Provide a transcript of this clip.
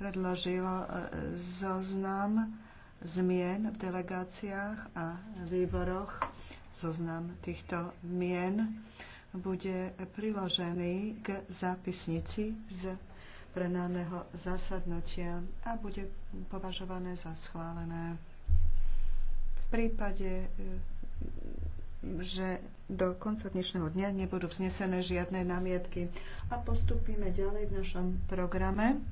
predložil e, zoznam zmien v delegáciách a výboroch. Zoznam týchto mien bude priložený k zápisnici z plenárneho zasadnutia a bude považované za schválené. V prípade, e, že do konca dnešného dňa nebudú vznesené žiadne námietky a postupíme ďalej v našom programe.